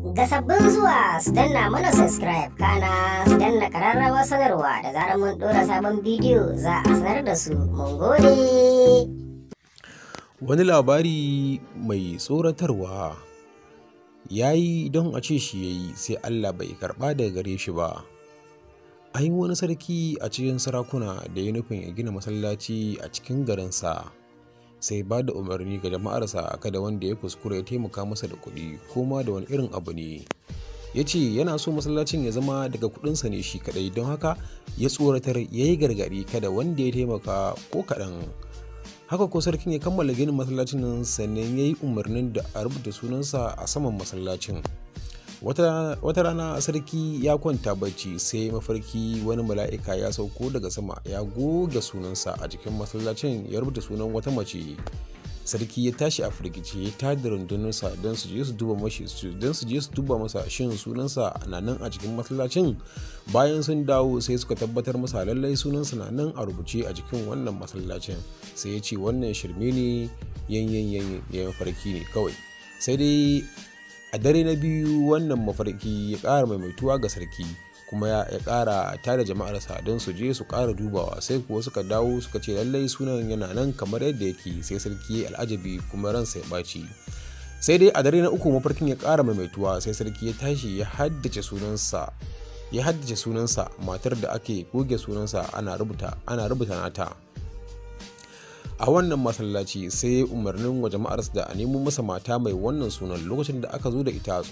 Ga sabbin zuwa su danna mana subscribe kana su danna kararrawar sanarwa da zarar mun ɗora sabon bidiyo za a sanar da su mun gode. Wani labari mai tsoratarwa ya yi don a ce shi ya yi sai Allah bai karɓa daga gare shi ba. An yi wani sarki a cikin sarakuna da ya nufin ya gina masallaci a cikin garinsa. sai ba da umarni ga jama'arsa a kada wanda ya kuskura ya taimaka masa da kuɗi ko ma da wani irin abu ne ya ce yana so masallacin ya zama daga kuɗinsa ne shi kaɗai don haka ya tsoratar ya yi gargaɗi kada wanda ya taimaka ko kaɗan haka ko sarkin ya kammala ginin masallacin nan sannan ya yi umarnin da a rubuta sunansa a saman masallacin wata rana sarki ya kwanta bacci sai mafarki wani mala'ika ya sauko daga sama ya goge sunansa a jikin masallacin ya rubuta sunan wata mace sarki ya tashi a firgice ya da rundunarsa don su je su duba mashi don su je su duba masa shin sunansa na nan a cikin masallacin bayan sun dawo sai suka tabbatar masa lallai sunansa na nan a rubuce a jikin wannan masallacin sai ya ce wannan shirme ne yanyan yanyan farki ne kawai sai dai a dare na biyu wannan mafarki ya ƙara maimaituwa ga sarki kuma ya ƙara tare jama'arsa don su je su kara dubawa sai kuwa suka dawo suka ce lallai sunan yana nan kamar yadda yake sai sarki ya al'ajabi kuma ransa ya ɓaci sai dai a dare na uku mafarkin ya ƙara maimaituwa sai sarki ya tashi ya haddace sunansa ya haddace sunansa matar da ake goge sunansa ana rubuta nata a wannan masallaci sai umarnin wa jama'ar da a nemo masa mata mai wannan sunan lokacin da aka zo da ita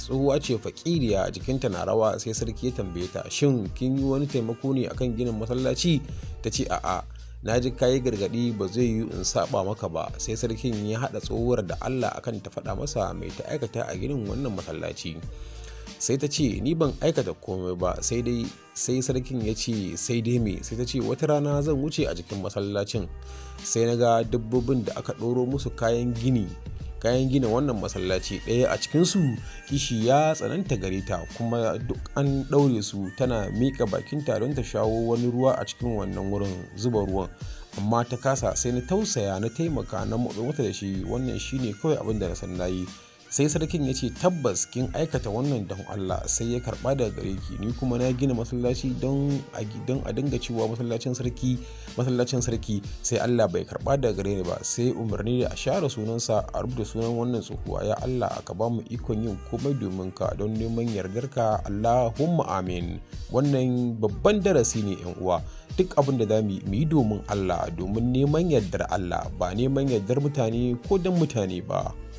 tsohuwa ce fakiriya jikinta na rawa sai sarki ya tambaye ta shin kin yi wani taimako ne akan ginin masallaci ta ce a'a na ji kayi gargadi ba zai yi in saba maka ba sai sarkin ya haɗa tsohuwar da Allah akan ta faɗa masa mai ta aikata a ginin wannan masallaci sai ta ce ni ban aikata komai ba sai dai sai sarkin ya ce sai dai me sai ta ce wata rana zan wuce a jikin masallacin sai na ga dabbobin da aka ɗoro musu kayan gini kayan gina wannan masallaci ɗaya a cikinsu kishi ya tsananta gare ta kuma duk an ɗaure su tana miƙa bakinta don ta shawo wani ruwa a cikin wannan wurin zuba ruwan amma ta kasa sai na tausaya na taimaka na motsa mata da shi wannan shine kawai abin da na san sai sarkin ya ce tabbas kin aikata wannan don allah sai ya karba daga gare ki ni kuma na gina masallaci don a dinga cewa masallacin sarki masallacin sarki sai allah bai karba daga gare ni ba sai umarni da a share sunansa a rubuta sunan wannan tsohuwa ya allah aka ba mu ikon yin komai domin ka don neman yardarka allahumma amin wannan babban darasi ne yan uwa duk abin da za mu yi domin Allah domin neman yardar Allah ba neman yardar mutane ko dan mutane ba.